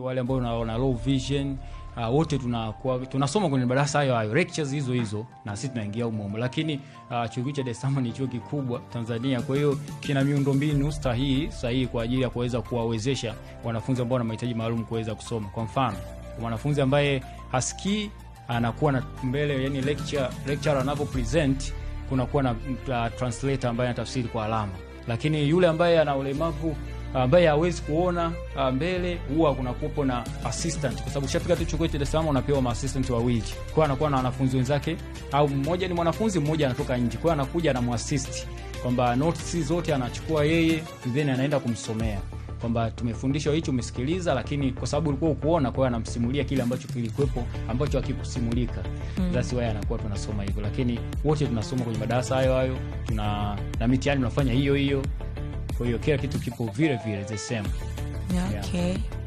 Wale ambao wana low vision uh, wote tunakuwa tunasoma kwenye madarasa hayo hayo lectures hizo hizo, na sisi tunaingia umomo, lakini uh, chuo cha Dar es Salaam ni chuo kikubwa Tanzania, kwa hiyo kina miundo mbinu sahihi sahihi kwa ajili ya kuweza kuwawezesha wanafunzi ambao wana mahitaji maalum kuweza kusoma. Kwa mfano, mwanafunzi ambaye hasikii anakuwa na mbele, yani lecture lecture anapo present kunakuwa na uh, translator ambaye anatafsiri kwa alama, lakini yule ambaye ana ulemavu Ah, ambaye hawezi kuona ah, mbele, huwa kuna kupo na assistant, kwa sababu ushafika tu chuo Dar es Salaam unapewa ma assistant wawili. Kwa anakuwa na wanafunzi wenzake, au mmoja ni mwanafunzi, mmoja anatoka nje, kwa anakuja na muassist kwamba notes zote anachukua yeye, then anaenda kumsomea kwamba tumefundishwa hichi, umesikiliza, lakini kwa sababu ulikuwa ukuona, kwa hiyo anamsimulia kile ambacho kilikuwepo ambacho hakikusimulika. Mm. Basi why anakuwa tunasoma hivyo, lakini wote tunasoma kwenye madarasa hayo hayo, tuna na mitihani tunafanya hiyo hiyo Ou eu quero que tu tipo vira vira de sempre. Yeah, yeah. Ok.